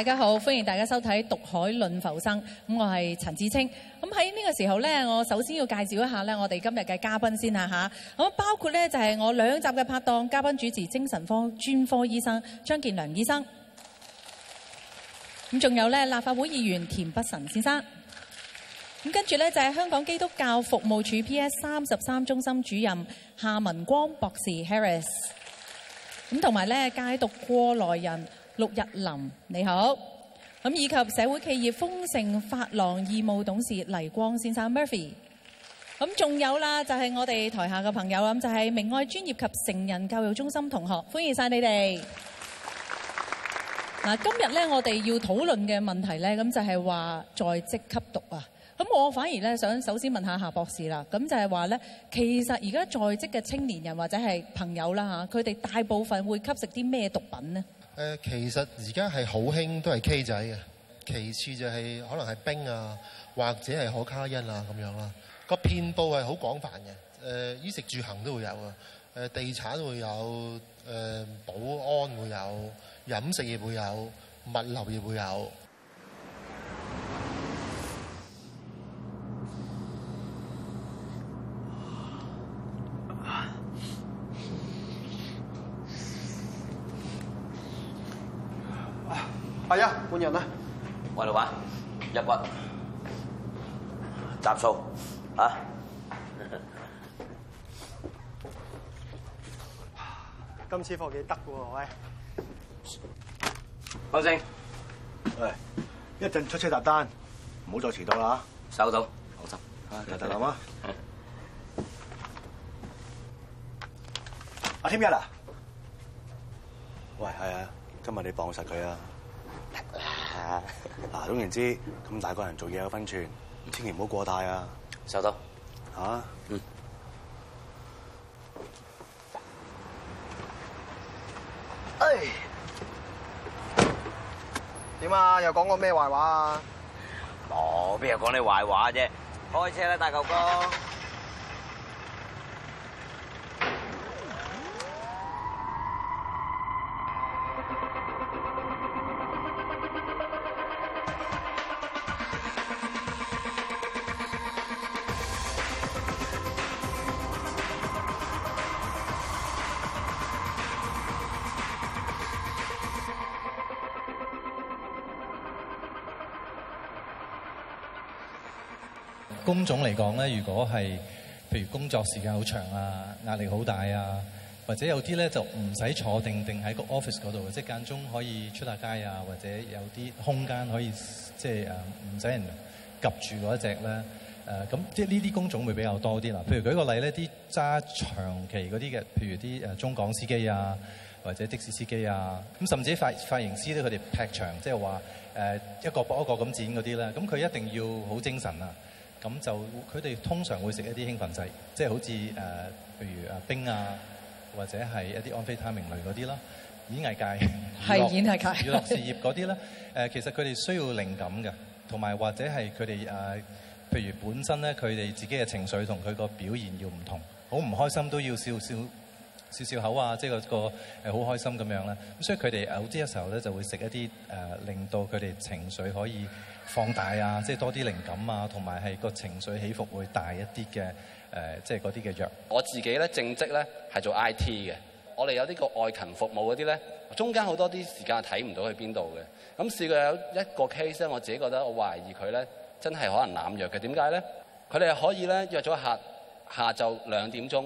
大家好，歡迎大家收睇《毒海論浮生》。咁我係陳芷菁。咁喺呢個時候呢我首先要介紹一下我哋今日嘅嘉賓先吓。咁包括呢就係我兩集嘅拍檔嘉賓主持，精神科專科醫生張建良醫生。咁仲有呢立法會議員田北辰先生。咁跟住呢就係香港基督教服務處 PS 三十三中心主任夏民光博士 Harris。咁同埋呢戒毒過來人。陸日林你好，咁以及社會企業豐盛發廊義務董事黎光先生 Murphy，咁仲有啦，就係我哋台下嘅朋友咁，就係明愛專業及成人教育中心同學，歡迎曬你哋嗱。今日咧，我哋要討論嘅問題咧，咁就係話在職吸毒啊。咁我反而咧想首先問下夏博士啦。咁就係話咧，其實而家在職嘅青年人或者係朋友啦嚇，佢哋大部分會吸食啲咩毒品咧？呃、其實而家係好興都係 K 仔嘅，其次就係可能係冰啊，或者係可卡因啊咁樣啦。這個遍佈係好廣泛嘅，誒、呃、衣食住行都會有啊、呃，地產會有、呃，保安會有，飲食亦會有，物流亦會有。人啦，外佬話一骨集數啊！今次貨幾得嘅喎，喂，歐星，喂，一陣出車搭單，唔好再遲到啦吓！收到，放心。阿大林啊，阿添一啊，喂，係啊，今日你綁實佢啊！嗱、啊，總言之，咁大個人做嘢有分寸，千祈唔好過大啊！收到嚇、啊。嗯。哎，點、哎、啊？又講過咩壞話啊？我、哦、邊有講你壞話啫？開車啦，大舅哥。工種嚟講咧，如果係譬如工作時間好長啊，壓力好大啊，或者有啲咧就唔使坐定定喺個 office 嗰度，即間中可以出下街啊，或者有啲空間可以即誒唔使人夾住嗰一隻咧。誒、呃、咁即呢啲工種會比較多啲啦。譬如舉個例咧，啲揸長期嗰啲嘅，譬如啲誒中港司機啊，或者的士司機啊，咁甚至發髮型師咧，佢哋劈場，即係話誒一個博一個咁剪嗰啲咧，咁佢一定要好精神啊。咁就佢哋通常會食一啲興奮劑，即係好似誒、呃，譬如阿冰啊，或者係一啲安非他明類嗰啲啦。演藝界係演藝界，娛樂，娛樂事業嗰啲咧。 其實佢哋需要靈感嘅，同埋或者係佢哋誒，譬如本身咧，佢哋自己嘅情緒同佢個表現要唔同，好唔開心都要笑笑。笑笑口啊，即係個個好開心咁樣啦。咁所以佢哋有啲嘅時候咧，就會食一啲誒、呃、令到佢哋情緒可以放大啊，即係多啲靈感啊，同埋係個情緒起伏會大一啲嘅誒，即係嗰啲嘅藥。我自己咧，正職咧係做 I T 嘅，我哋有呢個外勤服務嗰啲咧，中間好多啲時間係睇唔到去邊度嘅。咁試過有一個 case 咧，我自己覺得我懷疑佢咧真係可能濫藥嘅。點解咧？佢哋可以咧，約咗下下晝兩點鐘。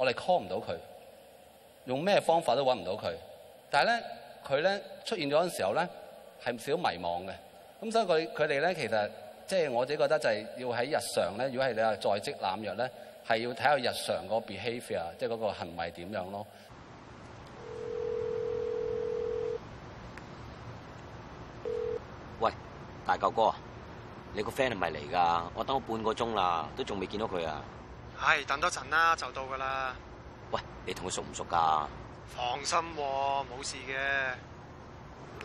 我哋 call 唔到佢，用咩方法都揾唔到佢。但係咧，佢咧出現咗嗰陣時候咧，係唔少迷惘嘅。咁所以佢佢哋咧，其實即係、就是、我自己覺得就係要喺日常咧，如果係你話在職濫藥咧，係要睇下日常個 behaviour，即係嗰個行為點樣咯。喂，大舅哥，你個 friend 係咪嚟㗎？我等我半個鐘啦，都仲未見到佢啊！唉，等多陣啦，就到噶啦。喂，你同佢熟唔熟噶？放心，冇事嘅。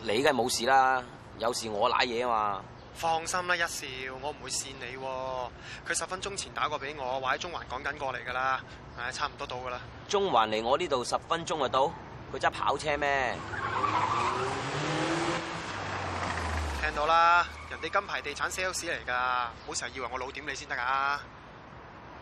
你梗係冇事啦，有事我瀨嘢啊嘛。放心啦，一笑，我唔會跣你。佢十分鐘前打過俾我，話喺中環趕緊過嚟噶啦。唉，差唔多到噶啦。中環嚟我呢度十分鐘就到？佢揸跑車咩？聽到啦，人哋金牌地產 sales 嚟噶，唔好成日以為我老點你先得噶。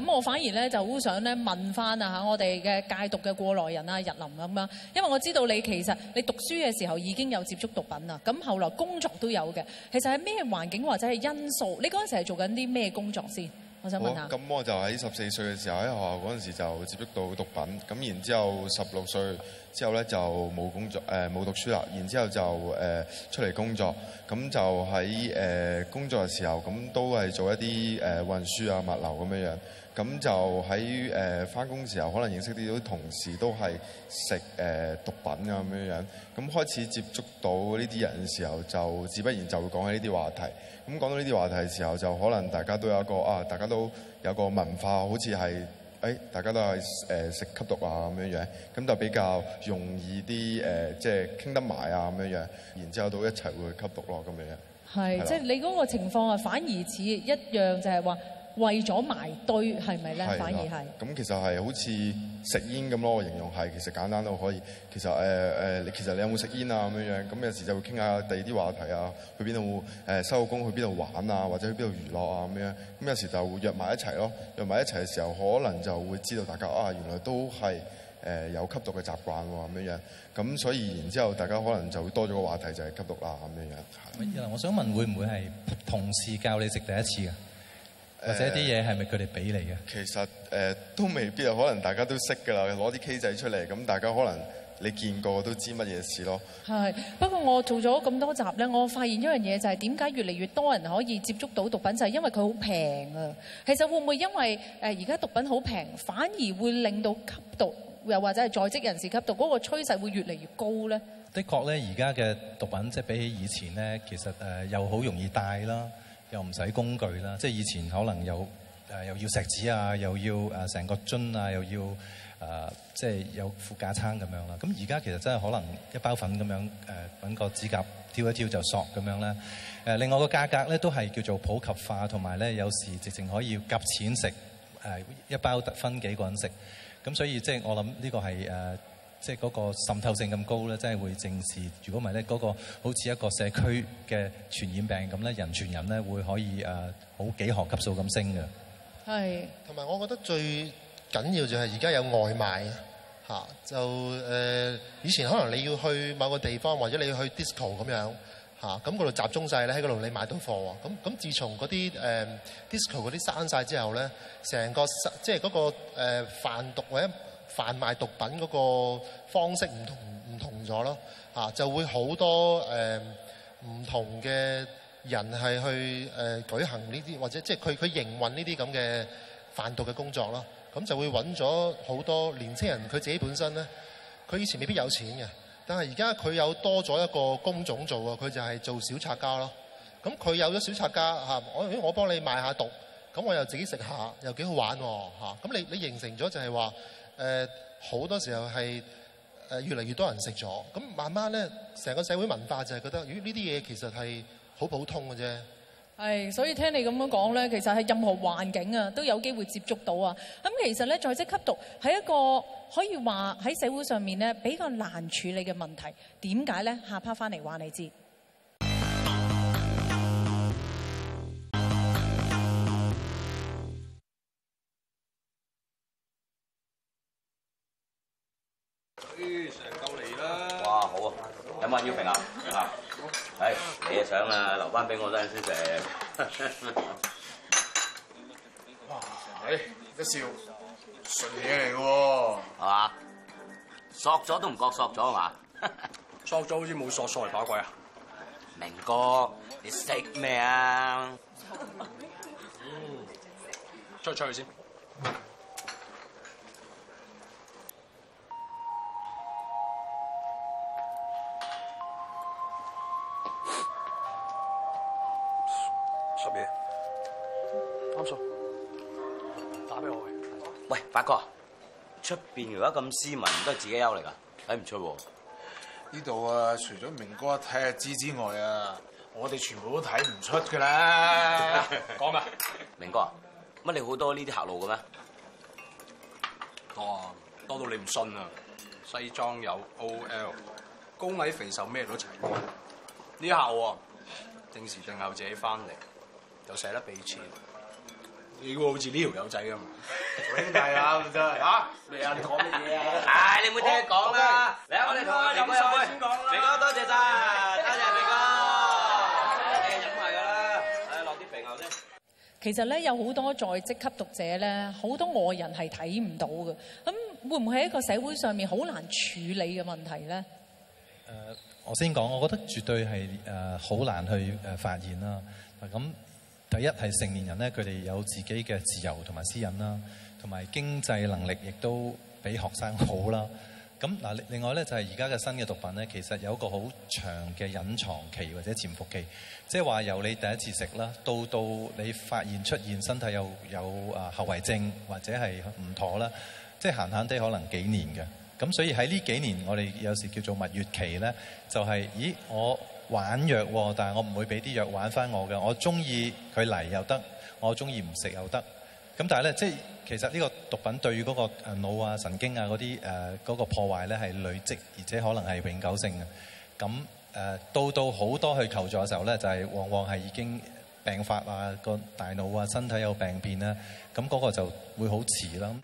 咁我反而咧就好想咧問翻啊嚇，我哋嘅戒毒嘅過來人啊，日林咁樣，因為我知道你其實你讀書嘅時候已經有接觸毒品啦，咁後來工作都有嘅，其實係咩環境或者係因素？你嗰陣時係做緊啲咩工作先？我想問下。咁我，我就喺十四歲嘅時候喺學校嗰陣時就接觸到毒品，咁然之後十六歲之後咧就冇工作誒冇讀書啦，然之後就誒出嚟工作，咁、呃、就喺誒、呃、工作嘅、呃、時候咁都係做一啲誒運輸啊物流咁樣樣。咁就喺誒返工時候，可能認識啲都同事都係食誒毒品咁樣樣。咁開始接觸到呢啲人嘅時候，就自不然就會講起呢啲話題。咁講到呢啲話題嘅時候，就可能大家都有一個啊，大家都有個文化，好似係誒大家都係誒食吸毒啊咁樣樣。咁就比較容易啲誒，即係傾得埋啊咁樣樣。然之後到一齊會吸毒咯咁樣樣。係，即係你嗰個情況啊，反而似一樣就係話。為咗埋堆係咪咧？反而係咁，嗯、其實係好似食煙咁咯。我形容係其實簡單都可以。其實誒誒，你、呃呃、其實你有冇食煙啊咁樣樣？咁有時就會傾下第二啲話題啊，去邊度誒收工，去邊度玩啊，或者去邊度娛樂啊咁樣樣。咁有時就會約埋一齊咯。約埋一齊嘅時候，可能就會知道大家啊，原來都係誒、呃、有吸毒嘅習慣喎咁樣樣。咁所以然之後，大家可能就會多咗個話題就係吸毒啦咁樣樣。係。我想問，會唔會係同事教你食第一次嘅？或者啲嘢係咪佢哋俾你嘅、呃？其實誒、呃、都未必，可能大家都識㗎啦，攞啲 K 仔出嚟，咁大家可能你見過都知乜嘢事咯。係，不過我做咗咁多集咧，我發現一樣嘢就係點解越嚟越多人可以接觸到毒品，就係、是、因為佢好平啊。其實會唔會因為誒而家毒品好平，反而會令到吸毒又或者係在職人士吸毒嗰、那個趨勢會越嚟越高咧？的確咧，而家嘅毒品即係比起以前咧，其實誒又好容易帶啦。又唔使工具啦，即以前可能又又要石子啊，又要誒成個樽啊，又要、呃、即有副架撐咁樣啦。咁而家其實真係可能一包粉咁樣，誒、呃、揾個指甲挑一挑就索咁樣啦、呃。另外一個價格咧都係叫做普及化，同埋咧有時直情可以夾錢食、呃、一包分幾個人食。咁所以即我諗呢個係即係嗰個滲透性咁高咧，真係會正視。如果唔係咧，嗰個好似一個社區嘅傳染病咁咧，人傳人咧，會可以誒好、呃、幾何級數咁升嘅。係。同埋我覺得最緊要就係而家有外賣嚇、啊，就誒、呃、以前可能你要去某個地方或者你要去 disco 咁樣嚇，咁嗰度集中晒咧，喺嗰度你買到貨喎。咁咁自從嗰啲誒 disco 嗰啲閂晒之後咧，成個即係嗰個誒、呃、販毒或者。販賣毒品嗰個方式唔同唔同咗咯，啊就會好多誒唔、呃、同嘅人係去誒、呃、舉行呢啲或者即係佢佢營運呢啲咁嘅販毒嘅工作咯。咁就會揾咗好多年青人，佢自己本身咧，佢以前未必有錢嘅，但係而家佢有多咗一個工種做啊，佢就係做小拆家咯。咁佢有咗小拆家嚇，我我幫你賣一下毒，咁我又自己食下又幾好玩喎嚇。咁你你形成咗就係話。誒、呃、好多時候係誒越嚟越多人食咗，咁慢慢咧，成個社會文化就係覺得，咦呢啲嘢其實係好普通嘅啫。係，所以聽你咁樣講咧，其實喺任何環境啊都有機會接觸到啊。咁其實咧，在職吸毒係一個可以話喺社會上面咧比較難處理嘅問題。點解咧？下 part 翻嚟話你知。要平啊！嗱，係你嘅想啊，留翻俾我先食。哎，一笑，順起嚟嘅喎，係嘛？索咗都唔覺索咗啊嘛？索咗好似冇索索嚟把鬼啊！明哥，你食咩啊？嗯，出去出去先。阿哥，出邊如果咁斯文，都係自己友嚟噶，睇唔出喎。呢度啊，除咗明哥睇下字之外啊，我哋全部都睇唔出噶啦。講啦，明哥，乜你好多呢啲客路嘅咩？多，多到你唔信啊！西裝有 O L，高矮肥瘦咩都齊。呢啲客喎，定時定候自己翻嚟，又捨得俾錢。好似呢條友仔咁，兄弟啊，真係嚇！未啊？你講乜嘢啊？唉，你冇聽講啦！嚟，我哋同我飲一杯。明哥，多謝晒，多謝明哥，嚟飲埋㗎啦！嚟落啲肥牛先。其實咧，有好多在職吸毒者咧，好多外人係睇唔到嘅。咁會唔會喺一個社會上面好難處理嘅問題咧、呃？我先講，我覺得絕對係誒好難去誒發現啦。咁、嗯。第一係成年人咧，佢哋有自己嘅自由同埋私隱啦，同埋經濟能力亦都比學生好啦。咁嗱，另外咧就係而家嘅新嘅毒品咧，其實有一個好長嘅隱藏期或者潛伏期，即係話由你第一次食啦，到到你發現出現身體有有誒後遺症或者係唔妥啦，即係閒閒地可能幾年嘅。咁所以喺呢幾年，我哋有時叫做蜜月期咧，就係、是、咦我。玩藥喎，但係我唔會俾啲藥玩翻我嘅。我中意佢嚟又得，我中意唔食又得。咁但係咧，即係其實呢個毒品對於嗰個腦啊、神經啊嗰啲誒嗰個破壞咧係累積，而且可能係永久性嘅。咁誒到到好多去求助嘅時候咧，就係往往係已經病發啊，個大腦啊、身體有病變啦。咁嗰個就會好遲啦。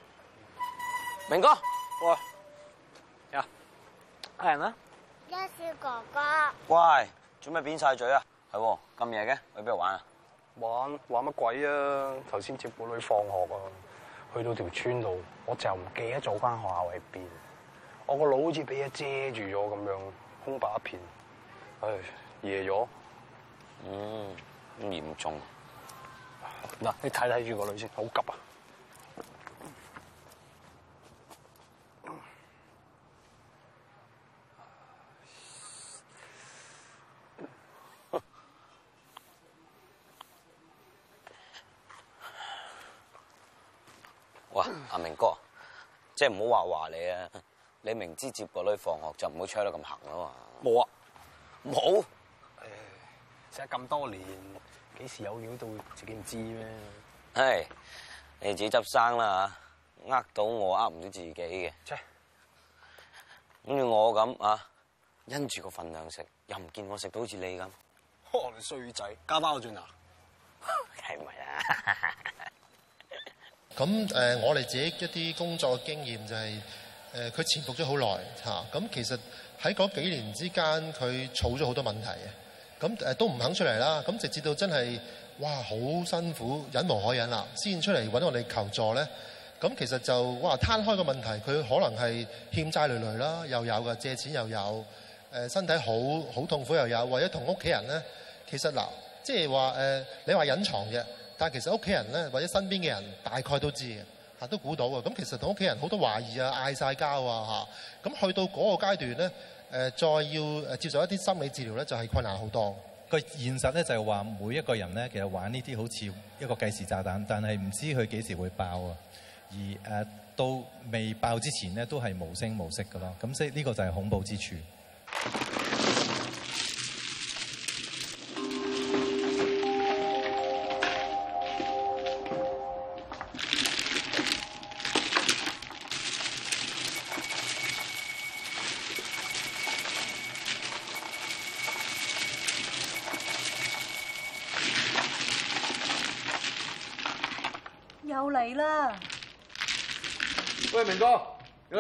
明哥，我呀，係啊。阿少哥哥，喂，做咩扁晒嘴啊？係咁夜嘅，去邊度玩啊？玩玩乜鬼啊？頭先接個女放學啊，去到條村度，我就唔記得咗返學校喺邊，我個腦好似俾嘢遮住咗咁樣，空白一片。唉，夜咗，嗯，咁嚴重。嗱，你睇睇住個女先，好急啊！即係唔好話話你啊！你明知接個女放學就唔好 c h e 得咁行啊嘛！冇、哎、啊，冇！誒，食咗咁多年，幾時有料到自己唔知咩？係、hey,，你自己執生啦吓，呃到我呃唔到自己嘅。c h e 我咁啊，因住個份量食，又唔見我食到好似你咁。呵，你衰仔，加班我轉啊！係咪啊？ 咁、呃、我哋自己一啲工作經驗就係、是、佢、呃、潛伏咗好耐吓，咁，其實喺嗰幾年之間，佢儲咗好多問題嘅。咁、呃、都唔肯出嚟啦。咁直至到真係哇，好辛苦，忍無可忍啦，先出嚟搵我哋求助咧。咁其實就哇，攤開個問題，佢可能係欠債累累啦，又有嘅借錢又有，呃、身體好好痛苦又有，或者同屋企人咧，其實嗱，即係話你話隱藏嘅。但係其實屋企人咧，或者身邊嘅人大概都知嘅，嚇都估到嘅。咁其實同屋企人好多懷疑啊，嗌晒交啊，嚇。咁去到嗰個階段咧，誒再要誒接受一啲心理治療咧，就係困難好多。個現實咧就係話，每一個人咧其實玩呢啲好似一個計時炸彈，但係唔知佢幾時會爆啊。而誒到未爆之前咧，都係無聲無息㗎喇。咁所以呢個就係恐怖之處。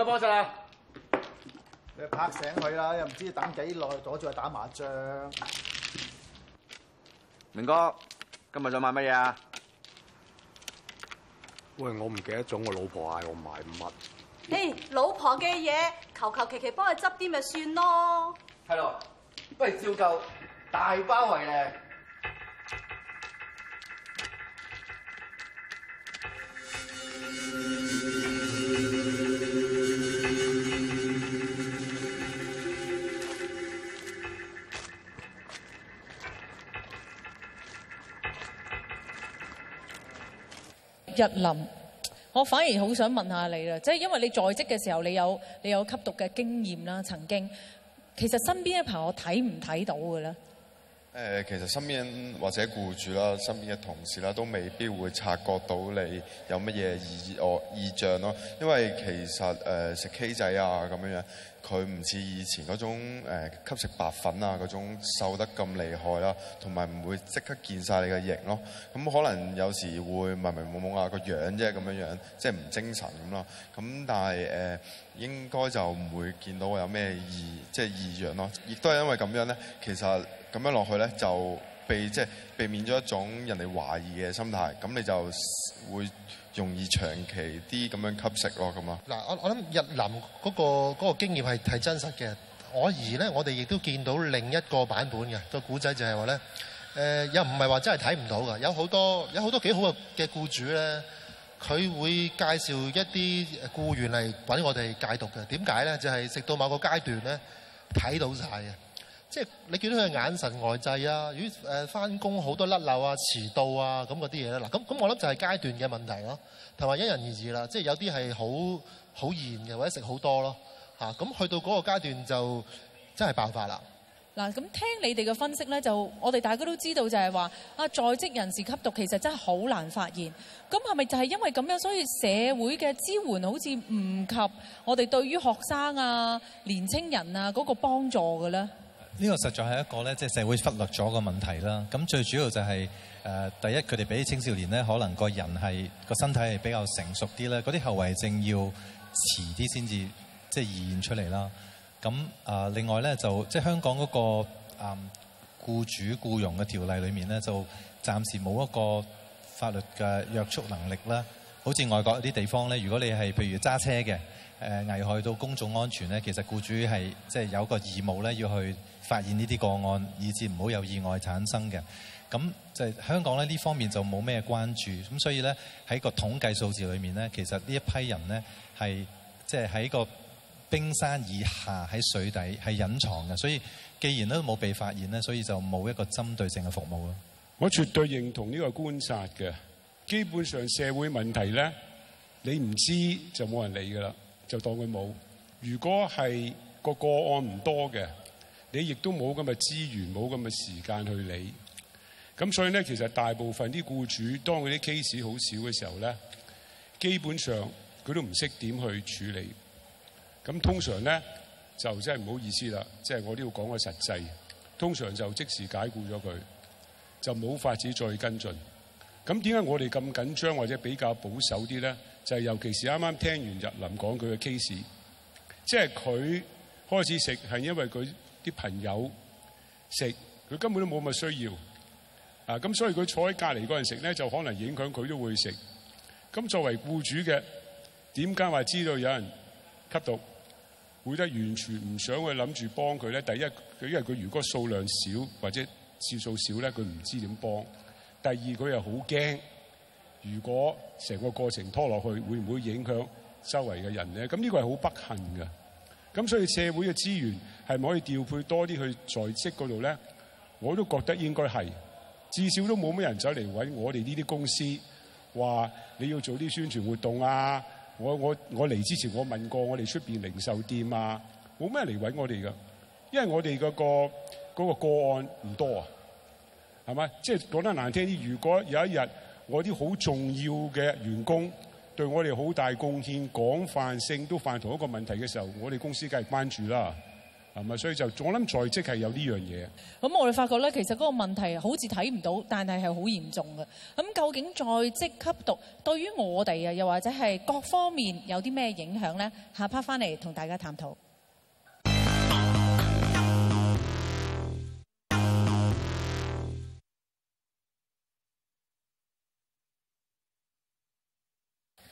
方式你拍醒佢啦，又唔知等幾耐，阻住去打麻將。明哥，今日想買乜嘢啊？喂，我唔記得咗我老婆嗌我買乜。誒，老婆嘅嘢，求求其其幫佢執啲咪算咯。係咯，不如照舊大包圍咧。日林，我反而好想問下你啦，即係因為你在職嘅時候，你有你有吸毒嘅經驗啦，曾經其實身邊嘅朋友睇唔睇到嘅咧？誒，其實身邊或者僱主啦，身邊嘅同事啦，都未必會察覺到你有乜嘢異、異、異象咯，因為其實誒食、呃、K 仔啊咁樣樣。佢唔似以前嗰種、呃、吸食白粉啊嗰種瘦得咁厲害啦、啊，同埋唔會即刻見晒你嘅型咯。咁可能有時會朦朦朧朧啊個樣啫咁樣樣，即係唔精神咁咯。咁但係誒、呃、應該就唔會見到我有咩異即係異樣咯。亦都係因為咁樣咧，其實咁樣落去咧就避即係避免咗一種人哋懷疑嘅心態。咁你就會，容易長期啲咁樣吸食咯，咁啊。嗱，我我諗日林嗰個嗰個經驗係，係真實嘅。我而咧，我哋亦都見到另一個版本嘅個古仔，就係話咧，誒又唔係話真係睇唔到噶。有好多有好多幾好嘅嘅僱主咧，佢會介紹一啲僱員嚟搵我哋戒毒嘅。點解咧？就係食到某個階段咧，睇到晒嘅。即係你見到佢嘅眼神外滯啊，與誒翻工好多甩漏啊、遲到啊咁嗰啲嘢咧。嗱，咁咁，我諗就係階段嘅問題咯、啊，同埋因人而異啦。即係有啲係好好嚴嘅，或者食好多咯、啊、吓，咁、啊、去到嗰個階段就真係爆發啦。嗱，咁聽你哋嘅分析咧，就我哋大家都知道就係話啊，在職人士吸毒其實真係好難發現。咁係咪就係因為咁樣，所以社會嘅支援好似唔及我哋對於學生啊、年青人啊嗰個幫助嘅咧？呢、個實在係一個咧，即係社會忽略咗個問題啦。咁最主要就係誒，第一，佢哋俾青少年咧，可能個人係個身體係比較成熟啲咧，嗰啲後遺症要遲啲先至即係現出嚟啦。咁啊，另外咧就即係香港嗰個誒僱主僱用嘅條例裏面咧，就暫時冇一個法律嘅約束能力啦。好似外國啲地方咧，如果你係譬如揸車嘅誒，危害到公眾安全咧，其實僱主係即係有個義務咧要去。發現呢啲個案，以至唔好有意外產生嘅。咁就係香港咧，呢方面就冇咩關注。咁所以咧，喺個統計數字裏面咧，其實呢一批人咧係即係喺個冰山以下，喺水底係隱藏嘅。所以既然咧都冇被發現咧，所以就冇一個針對性嘅服務咯。我絕對認同呢個觀察嘅。基本上社會問題咧，你唔知就冇人理噶啦，就當佢冇。如果係個個案唔多嘅。你亦都冇咁嘅資源，冇咁嘅時間去理咁，所以咧，其實大部分啲僱主當佢啲 case 好少嘅時候咧，基本上佢都唔識點去處理。咁通常咧就真係唔好意思啦，即係我都要講個實際。通常就即時解僱咗佢，就冇法子再跟進。咁點解我哋咁緊張或者比較保守啲咧？就係尤其是啱啱聽完日林講佢嘅 case，即係佢開始食係因為佢。啲朋友食，佢根本都冇乜需要啊！咁所以佢坐喺隔籬嗰陣食咧，就可能影響佢都會食。咁作為僱主嘅，點解話知道有人吸毒，會得完全唔想去諗住幫佢咧？第一，佢因為佢如果數量少或者次數少咧，佢唔知點幫。第二，佢又好驚，如果成個過程拖落去，會唔會影響周圍嘅人咧？咁呢個係好不幸嘅。咁所以社會嘅資源係唔可以調配多啲去在職嗰度咧？我都覺得應該係，至少都冇咩人走嚟搵我哋呢啲公司，話你要做啲宣傳活動啊！我我我嚟之前我問過我哋出面零售店啊，冇咩人嚟搵我哋㗎，因為我哋嗰個嗰個個案唔多啊，係咪？即係講得難聽啲，如果有一日我啲好重要嘅員工，對我哋好大貢獻，廣泛性都犯同一個問題嘅時候，我哋公司梗係關注啦，係咪？所以就我諗在職係有呢樣嘢。咁我哋發覺咧，其實嗰個問題好似睇唔到，但係係好嚴重嘅。咁究竟在職吸毒對於我哋啊，又或者係各方面有啲咩影響咧？下 part 翻嚟同大家探討。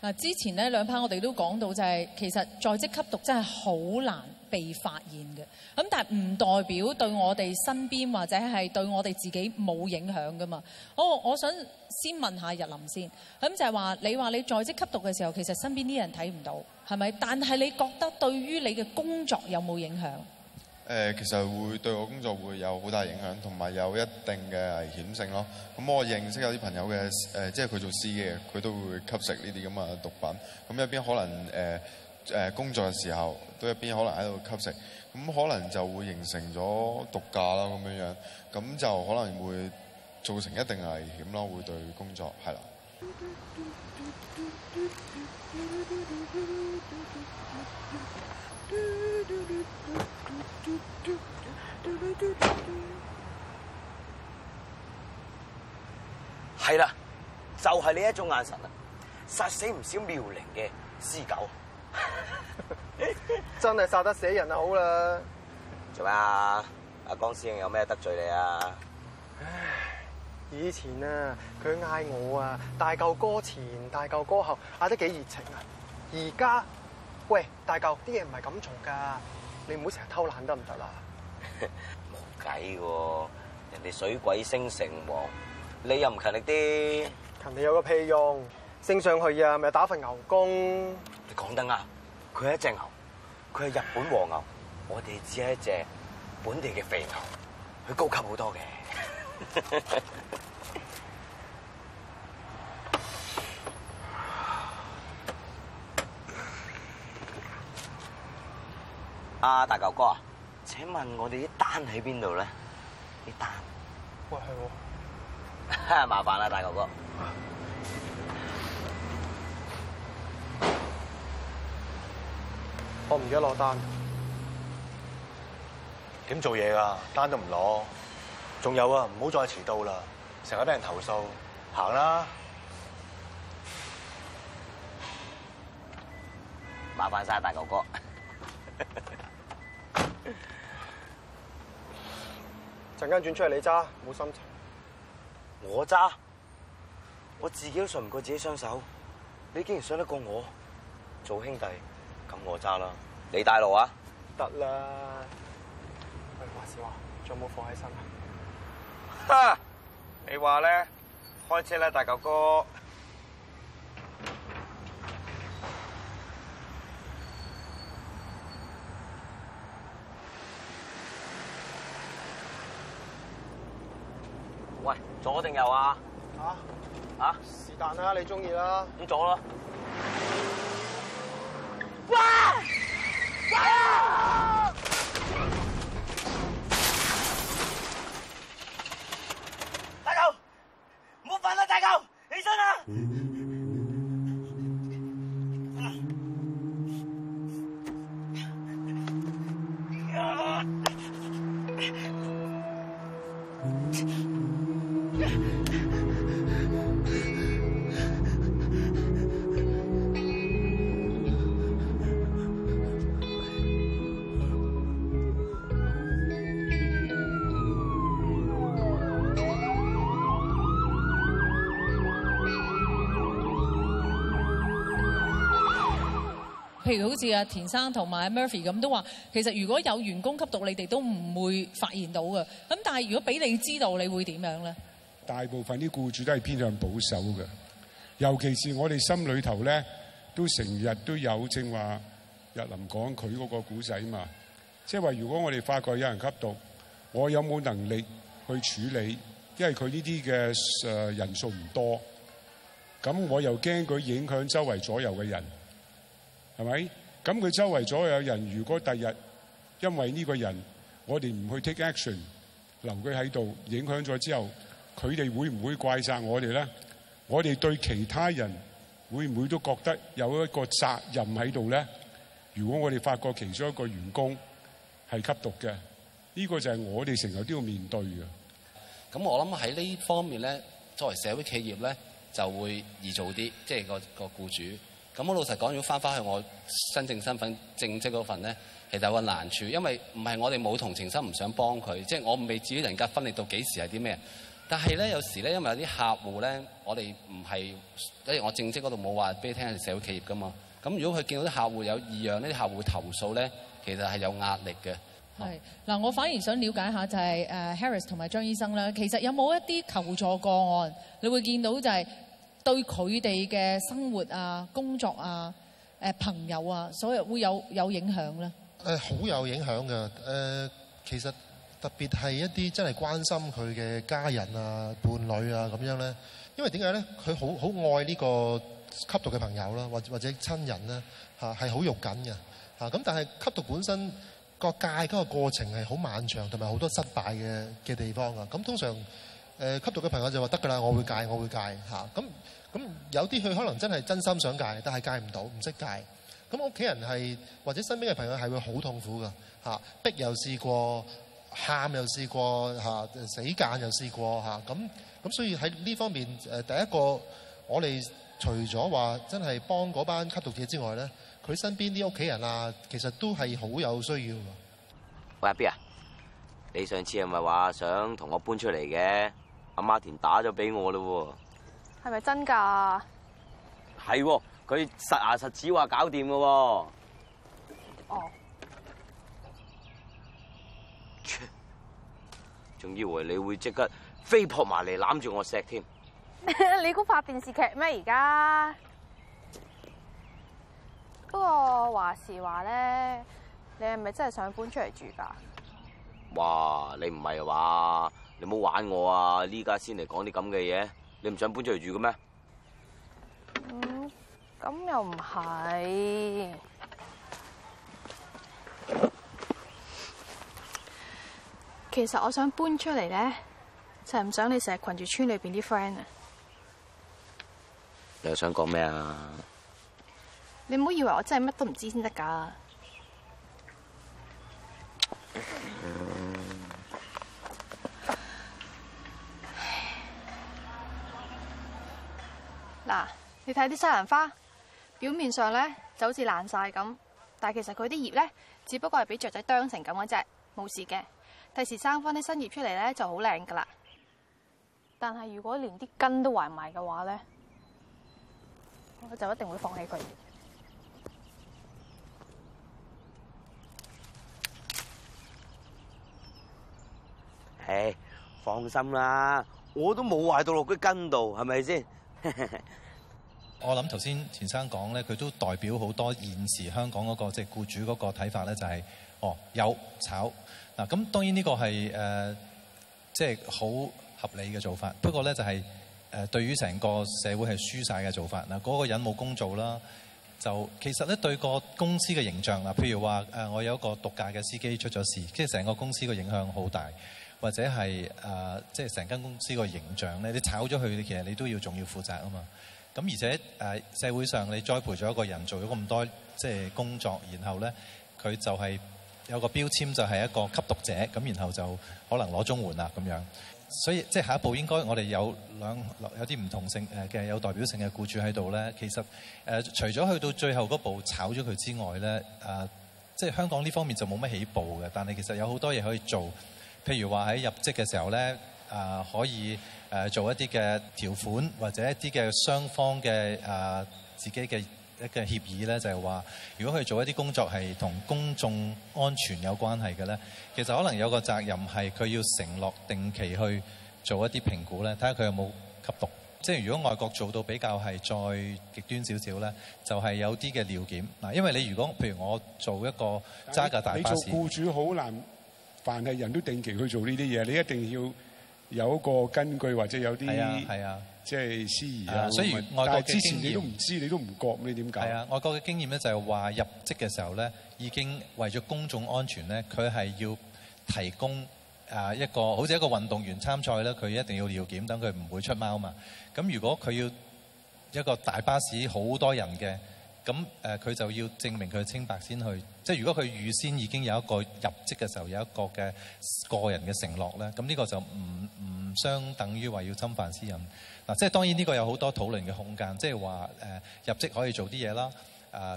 嗱，之前呢兩 part 我哋都講到就係其實在職吸毒真係好難被發現嘅。咁但係唔代表對我哋身邊或者係對我哋自己冇影響噶嘛。我我想先問下日林先，咁就係話你話你在職吸毒嘅時候，其實身邊啲人睇唔到，係咪？但係你覺得對於你嘅工作有冇影響？誒、其實會對我工作會有好大影響，同埋有一定嘅危險性咯。咁我認識有啲朋友嘅誒、呃，即係佢做司機嘅，佢都會吸食呢啲咁嘅毒品。咁一邊可能誒誒、呃、工作嘅時候，都一邊可能喺度吸食。咁可能就會形成咗毒駕啦咁樣樣，咁就可能會造成一定的危險咯，會對工作係啦。 係啦，就係、是、呢一種眼神啊，殺死唔少妙齡嘅獅狗 真係殺得死人啊！好啦，做咩啊？阿江師兄有咩得罪你啊？唉，以前啊，佢嗌我啊，大舊哥前，大舊哥後，嗌得幾熱情啊。而家喂，大舊啲嘢唔係咁做噶，你唔好成日偷懶得唔得啦？行冇計、啊、人哋水鬼升城隍，你又唔勤力啲？勤力有個屁用？升上去啊，咪打份牛工。你講得啱，佢係一隻牛，佢係日本和牛，我哋只係一隻本地嘅肥牛，佢高級好多嘅。啊，大狗哥啊！請問我哋啲單喺邊度咧？啲單，喂係喎，麻煩啦，大哥哥，我唔記得攞單，點做嘢啊？單都唔攞，仲有啊，唔好再遲到啦，成日俾人投訴，行啦，麻煩曬大哥哥。陣間轉出嚟，你揸，冇心情。我揸，我自己都信唔過自己雙手，你竟然想得過我？做兄弟，咁我揸啦。你帶路啊？得啦。喂，話時話，仲有冇放喺身啊？哈！你話咧，開車啦，大舅哥。喂，左定右啊？啊？啊，是但啦，你中意啦。咁左囉，啊。好似阿田生同埋 Murphy 咁都話，其實如果有員工吸毒，你哋都唔會發現到嘅。咁但係如果俾你知道，你會點樣咧？大部分啲僱主都係偏向保守嘅，尤其是我哋心裡頭咧，都成日都有正話日林講佢嗰個故仔嘛。即係話，如果我哋發覺有人吸毒，我有冇能力去處理？因為佢呢啲嘅誒人數唔多，咁我又驚佢影響周圍左右嘅人，係咪？咁佢周圍所有人，如果第日因為呢個人，我哋唔去 take action，留佢喺度，影響咗之後，佢哋會唔會怪責我哋咧？我哋對其他人會唔會都覺得有一個責任喺度咧？如果我哋發覺其中一個員工係吸毒嘅，呢個就係我哋成日都要面對嘅。咁我諗喺呢方面咧，作為社會企業咧，就會易做啲，即係個個僱主。咁我老實講，如果翻返去我身正身份正職嗰份咧，其實有個難處，因為唔係我哋冇同情心唔想幫佢，即係我未至於人格分裂到幾時係啲咩。但係咧，有時咧，因為有啲客戶咧，我哋唔係即係我正職嗰度冇話俾你聽係社會企業㗎嘛。咁如果佢見到啲客戶有異樣，呢啲客戶投訴咧，其實係有壓力嘅。係嗱，我反而想了解下就係誒 Harris 同埋張醫生咧，其實有冇一啲求助個案，你會見到就係。對佢哋嘅生活啊、工作啊、誒、啊、朋友啊，所有會有有影響咧？誒、呃，好有影響嘅。誒、呃，其實特別係一啲真係關心佢嘅家人啊、伴侶啊咁樣咧。因為點解咧？佢好好愛呢個吸毒嘅朋友啦、啊，或者或者親人咧、啊，嚇係好肉緊嘅。嚇咁、啊，但係吸毒本身個戒嗰個過程係好漫長，同埋好多失敗嘅嘅地方啊。咁、嗯、通常。誒，吸毒嘅朋友就話得㗎啦，我會戒，我會戒嚇。咁、啊、咁有啲佢可能真係真心想戒，但係戒唔到，唔識戒。咁屋企人係或者身邊嘅朋友係會好痛苦㗎嚇、啊，逼又試過，喊又試過嚇、啊，死掙又試過嚇。咁、啊、咁所以喺呢方面誒、呃，第一個我哋除咗話真係幫嗰班吸毒者之外咧，佢身邊啲屋企人啊，其實都係好有需要。喂，阿 B 啊，你上次係咪話想同我搬出嚟嘅？阿媽田打咗俾我啦，係咪真噶？係，佢實牙實齒話搞掂噶。哦，仲以為你會即刻飛撲埋嚟攬住我錫添？你估拍電視劇咩？而家？不過話時話咧，你係咪真係想搬出嚟住噶？哇，你唔係話？你冇玩我啊！呢家先嚟講啲咁嘅嘢，你唔想搬出嚟住嘅咩？嗯，咁又唔係。其實我想搬出嚟咧，就係唔想你成日群住村裏邊啲 friend 啊。你又想講咩啊？你唔好以為我真係乜都唔知先得噶。嗱，你睇啲西蘭花，表面上咧就好似爛晒咁，但係其實佢啲葉咧只不過係俾雀仔啄成咁嗰隻，冇事嘅。第時生翻啲新葉出嚟咧就好靚噶啦。但係如果連啲根都壞埋嘅話咧，我就一定會放棄佢。唉，放心啦，我都冇壞到落啲根度，係咪先？ 我諗頭先田生講咧，佢都代表好多現時香港嗰、那個即係、就是、僱主嗰個睇法咧、就是哦呃，就係哦有炒嗱，咁當然呢個係誒即係好合理嘅做法。不過咧就係誒對於成個社會係輸晒嘅做法嗱，嗰、那個人冇工做啦，就其實咧對個公司嘅形象嗱，譬如話誒我有一個獨駕嘅司機出咗事，即係成個公司嘅影響好大。或者係啊，即係成間公司個形象咧。你炒咗佢，其實你都要仲要負責啊嘛。咁而且誒、呃，社會上你栽培咗一個人做咗咁多即係、就是、工作，然後咧佢就係有個標籤，就係一個吸毒者咁，然後就可能攞綜援啦咁樣。所以即係、就是、下一步應該我哋有兩有啲唔同性誒嘅有代表性嘅僱主喺度咧，其實誒、呃、除咗去到最後嗰步炒咗佢之外咧，誒即係香港呢方面就冇乜起步嘅，但係其實有好多嘢可以做。譬如話喺入職嘅時候咧，啊、呃、可以誒、呃、做一啲嘅條款，或者一啲嘅雙方嘅啊、呃、自己嘅一嘅協議咧，就係、是、話，如果佢做一啲工作係同公眾安全有關係嘅咧，其實可能有一個責任係佢要承諾定期去做一啲評估咧，睇下佢有冇吸毒。即係如果外國做到比較係再極端少少咧，就係、是、有啲嘅尿檢嗱，因為你如果譬如我做一個揸架大巴士，你做僱主好難。凡係人都定期去做呢啲嘢，你一定要有一個根據或者有啲即係司儀啊，但係之前你都唔知，你都唔覺，你點解？係啊，外國嘅經驗咧就係話入職嘅時候咧，已經為咗公眾安全咧，佢係要提供啊一個，好似一個運動員參賽咧，佢一定要尿檢，等佢唔會出貓嘛。咁如果佢要一個大巴士好多人嘅。咁、呃、佢就要證明佢清白先去，即係如果佢預先已經有一個入職嘅時候有一個嘅個人嘅承諾咧，咁呢個就唔唔相等於話要侵犯私隱。嗱、啊，即係當然呢個有好多討論嘅空間，即係話、呃、入職可以做啲嘢啦。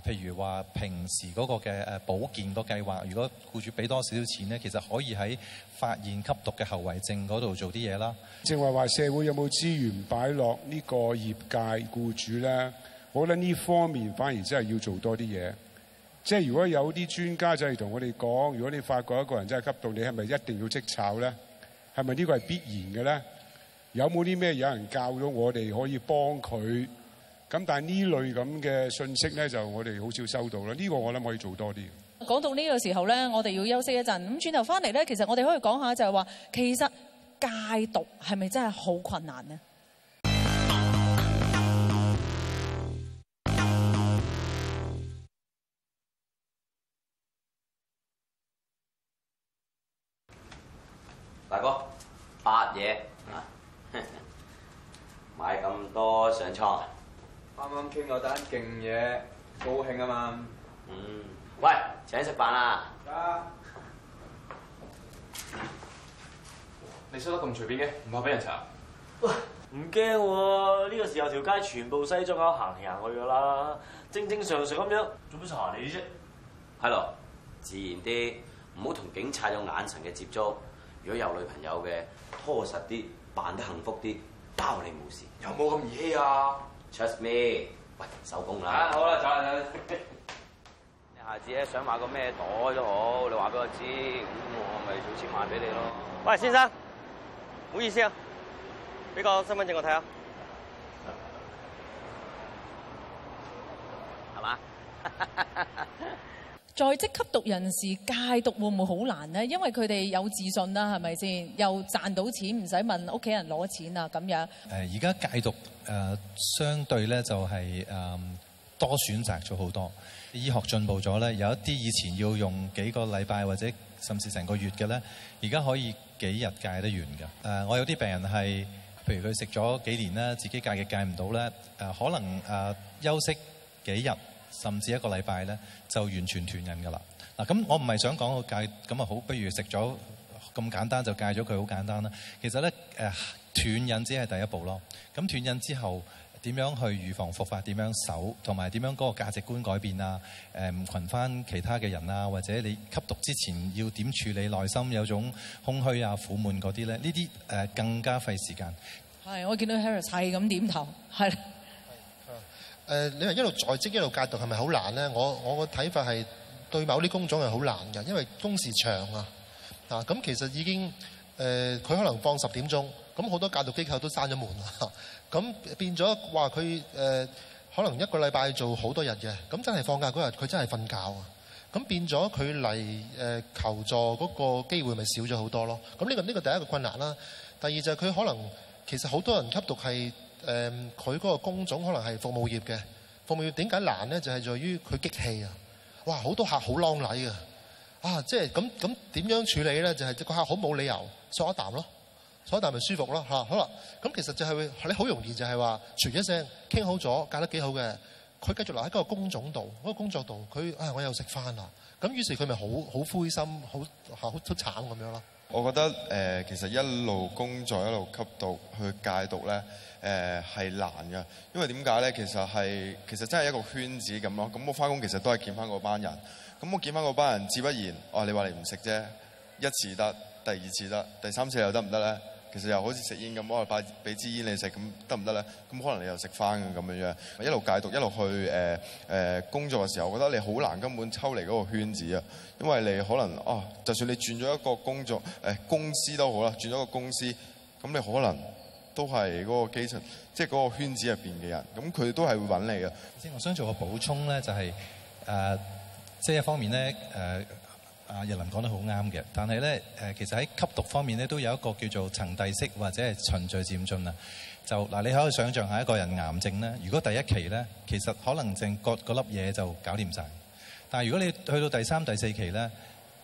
譬如話平時嗰個嘅保健個計劃，如果僱主俾多少少錢咧，其實可以喺發現吸毒嘅後遺症嗰度做啲嘢啦。正話話社會有冇資源擺落呢個業界僱主咧？我諗呢方面反而真係要做多啲嘢，即係如果有啲專家就係同我哋講，如果你發覺一個人真係吸毒，你係咪一定要即炒咧？係咪呢個係必然嘅咧？有冇啲咩有人教咗我哋可以幫佢？咁但係呢類咁嘅信息咧，就我哋好少收到啦。呢個我諗可以做多啲。講到呢個時候咧，我哋要休息一陣。咁轉頭翻嚟咧，其實我哋可以講下就係話，其實戒毒係咪真係好困難呢？嘢啊！買咁多上菜，啱啱傾咗單勁嘢，高興啊嘛！嗯，喂，請你食飯啊！收得。你收得咁隨便嘅，唔怕俾人查啊？喂，唔驚喎，呢個時候條街全部西裝鶉行嚟行去噶啦，正正常常咁樣，做乜查你啫？係咯，自然啲，唔好同警察有眼神嘅接觸。如果有女朋友嘅，拖實啲，扮得幸福啲，包你冇事。有冇咁兒戲啊？Trust me，喂，收工啦。啊，好啦，走啦，走啦，識啲。下次咧，想買個咩袋都好，你話俾我知，咁我咪早啲買俾你咯。喂，先生，唔好意思啊，俾個身份證我睇下，係嘛？ 在職吸毒人士戒毒會唔會好難咧？因為佢哋有自信啦，係咪先？又賺到錢，唔使問屋企人攞錢啊，咁樣。誒而家戒毒誒，相對咧就係、是、誒、呃、多選擇咗好多。醫學進步咗咧，有一啲以前要用幾個禮拜或者甚至成個月嘅咧，而家可以幾日戒得完㗎。誒、呃，我有啲病人係，譬如佢食咗幾年啦，自己戒嘅戒唔到咧，誒、呃、可能誒、呃、休息幾日。甚至一個禮拜咧，就完全斷癮㗎啦！嗱，咁我唔係想講個戒咁啊，好不如食咗咁簡單就戒咗佢，好簡單啦。其實咧，誒斷癮只係第一步咯。咁斷癮之後點樣去預防復發？點樣守同埋點樣嗰個價值觀改變啊？誒、嗯，羣翻其他嘅人啊，或者你吸毒之前要點處理內心有種空虛啊、苦悶嗰啲咧？呢啲、啊、更加費時間。係，我見到 Harris 係咁點頭，係。誒，你話一路在職一路戒毒係咪好難呢？我我個睇法係對某啲工種係好難嘅，因為工時長啊，嗱咁其實已經誒，佢，呃，可能放十點鐘，咁好多戒毒機構都閂咗門啦。咁變咗話佢誒，可能一個禮拜做好多日嘅，咁真係放假嗰日佢真係瞓覺啊。咁變咗佢嚟誒求助嗰個機會咪少咗好多咯。咁呢個呢個第一個困難啦。第二就係佢可能其實好多人吸毒係。誒、呃，佢嗰個工種可能係服務業嘅，服務業點解難咧？就係、是、在於佢激氣啊！哇，好多客好啷禮啊！啊，即係咁咁點樣處理咧？就係、是、個客好冇理由，索一啖咯，索一啖咪舒服咯嚇、啊，好啦。咁其實就係、是、會你好容易就係話，傳一聲，傾好咗，搞得幾好嘅，佢繼續留喺嗰個工種度，嗰、那個工作度，佢唉、哎、我又食返啦。咁、啊、於是佢咪好好灰心，好嚇好出慘咁樣咯。我覺得、呃、其實一路工作一路吸毒去戒毒呢誒係、呃、難㗎，因為點解呢？其實係其實真係一個圈子咁咯。咁我翻工其實都係見翻嗰班人，咁我見翻嗰班人，自不然，我、哦、你話你唔食啫，一次得，第二次得，第三次又得唔得呢？」其實又好似食煙咁，我係派俾支煙你食，咁得唔得咧？咁可能你又食翻嘅咁樣樣，一路戒毒一路去誒誒、呃呃、工作嘅時候，我覺得你好難根本抽離嗰個圈子啊！因為你可能啊、哦，就算你轉咗一個工作誒、呃、公司都好啦，轉咗個公司，咁你可能都係嗰個基層，即係嗰個圈子入邊嘅人，咁佢都係會揾你嘅。先，我想做個補充咧，就係、是、誒，即、呃、係、就是、一方面咧誒。呃啊，日林講得好啱嘅，但係咧，誒，其實喺吸毒方面咧，都有一個叫做層遞式或者係循序漸進啊。就嗱，你可以想像下一個人癌症咧，如果第一期咧，其實可能淨割嗰粒嘢就搞掂晒。但係如果你去到第三、第四期咧，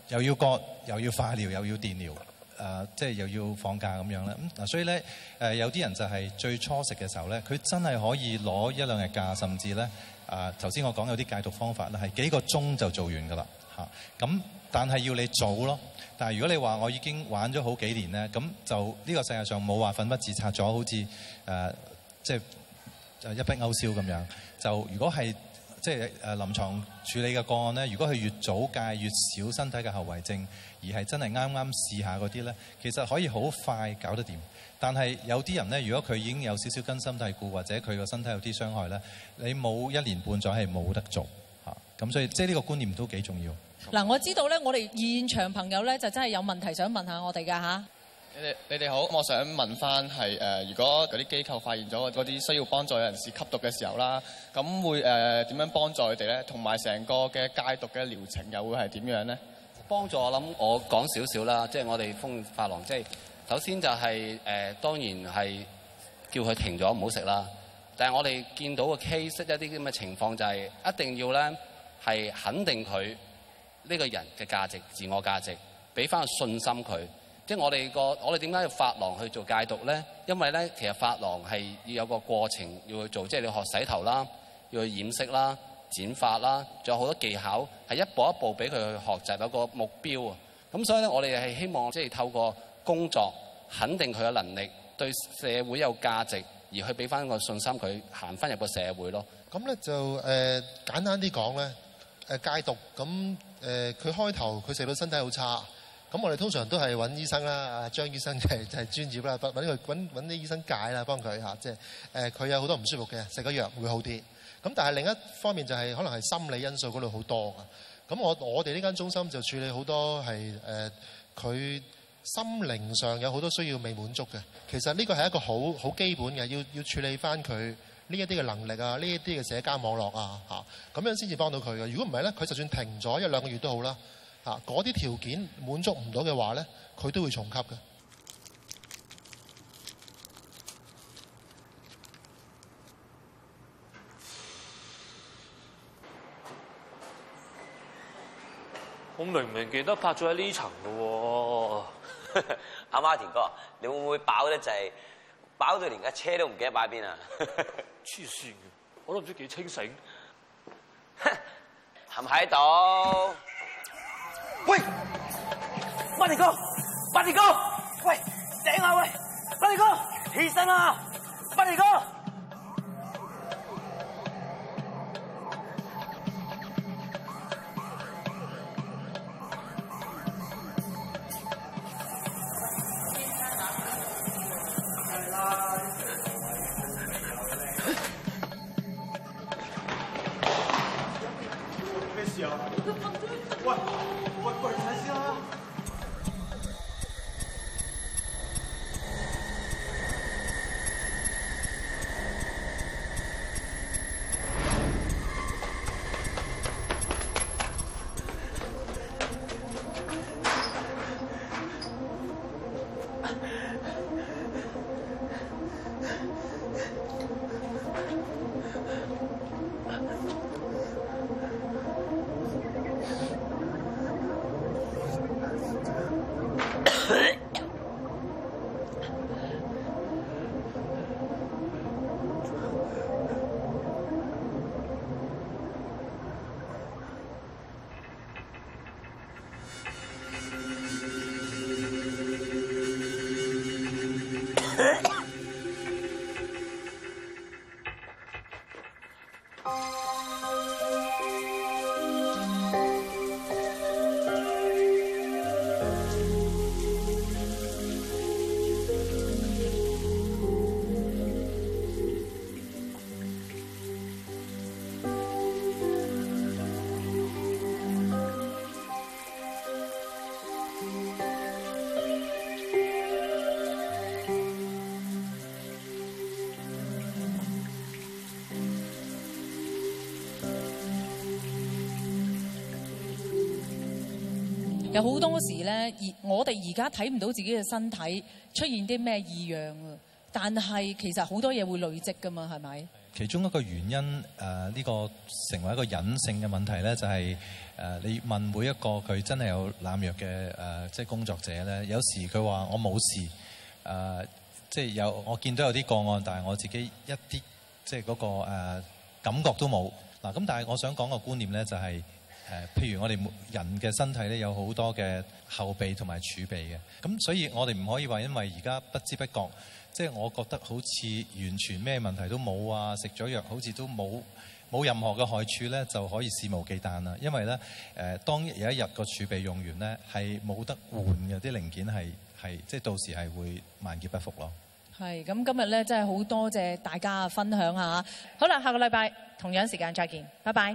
又要割，又要化療，又要電療，誒、即係又要放假咁樣咧。嗱，所以咧，誒，有啲人就係最初食嘅時候咧，佢真係可以攞一兩日假，甚至咧，誒、啊，頭先我講有啲戒毒方法咧，係幾個鐘就做完㗎啦，咁、啊。但係要你早咯。但係如果你話我已經玩咗好幾年咧，咁就呢、呢個世界上冇話粉筆自殺咗，好似誒即係一筆勾銷咁樣。就如果係即係誒臨床處理嘅個案咧，如果佢越早戒越少身體嘅後遺症，而係真係啱啱試下嗰啲咧，其實可以好快搞得掂。但係有啲人咧，如果佢已經有少少根深蒂固，或者佢個身體有啲傷害咧，你冇一年半載係冇得做嚇。咁、嗯、所以即係呢個觀念都幾重要。嗱、啊，我知道咧，我哋現場朋友咧就真係有問題想問下我哋噶吓。你哋你哋好，我想問翻係、呃、如果嗰啲機構發現咗嗰啲需要幫助人士吸毒嘅時候啦，咁會誒點、呃、樣幫助佢哋咧？同埋成個嘅戒毒嘅療程又會係點樣咧？幫助我諗我講少少啦，即、就、係、是、我哋風法郎，即、就、係、是、首先就係、是、誒、呃，當然係叫佢停咗唔好食啦。但係我哋見到嘅 case 一啲咁嘅情況就係、是、一定要咧係肯定佢。呢、這個人嘅價值、自我價值，俾翻個信心佢。即係我哋個我哋點解要髮廊去做戒毒咧？因為咧，其實髮廊係要有個過程要去做，即係你學洗頭啦，要去染色啦、剪髮啦，仲有好多技巧，係一步一步俾佢去學習，有、就是、個目標啊。咁所以咧，我哋係希望即係透過工作肯定佢嘅能力，對社會有價值，而去俾翻個信心佢行翻入個社會咯。咁咧就誒、呃、簡單啲講咧誒戒毒咁。誒佢開頭佢食到身體好差，咁我哋通常都係揾醫生啦，阿張醫生就係就係專業啦，揾揾啲醫生解啦，幫佢嚇即係誒佢有好多唔舒服嘅，食咗藥會好啲。咁但係另一方面就係可能係心理因素嗰度好多嘅。咁我我哋呢間中心就處理好多係誒佢心靈上有好多需要未滿足嘅。其實呢個係一個好好基本嘅，要要處理翻佢。呢一啲嘅能力啊，呢一啲嘅社交網絡啊，嚇咁樣先至幫到佢嘅。如果唔係咧，佢就算停咗一兩個月都好啦，嚇嗰啲條件滿足唔到嘅話咧，佢都會重吸嘅。我明明記得拍咗喺呢層嘅喎，阿 Martin 哥，你會唔會飽咧？就係。飽到連架車都唔記得擺邊啊！黐線，我都唔知幾清醒。係咪喺度？喂，八迪哥，八迪哥，喂，醒下、啊、喂，八迪哥，起身啊，八迪哥。有好多時咧，我哋而家睇唔到自己嘅身體出現啲咩異樣啊！但係其實好多嘢會累積噶嘛，係咪？其中一個原因，呢、呃這個成為一個隱性嘅問題咧，就係、是呃、你問每一個佢真係有濫藥嘅即、呃就是、工作者咧，有時佢話我冇事，即、呃、係、就是、有我見到有啲個案，但係我自己一啲即係嗰個、呃、感覺都冇嗱。咁但係我想講個觀念咧、就是，就係。誒、呃，譬如我哋人嘅身體咧，有好多嘅後備同埋儲備嘅，咁所以我哋唔可以話，因為而家不知不覺，即係我覺得好似完全咩問題都冇啊，食咗藥好似都冇冇任何嘅害處咧，就可以肆無忌憚啦。因為咧，誒、呃，當有一日個儲備用完咧，係冇得換嘅，啲零件係係即係到時係會萬劫不復咯。係，咁今日咧真係好多謝大家分享下！好啦，下個禮拜同樣時間再見，拜拜。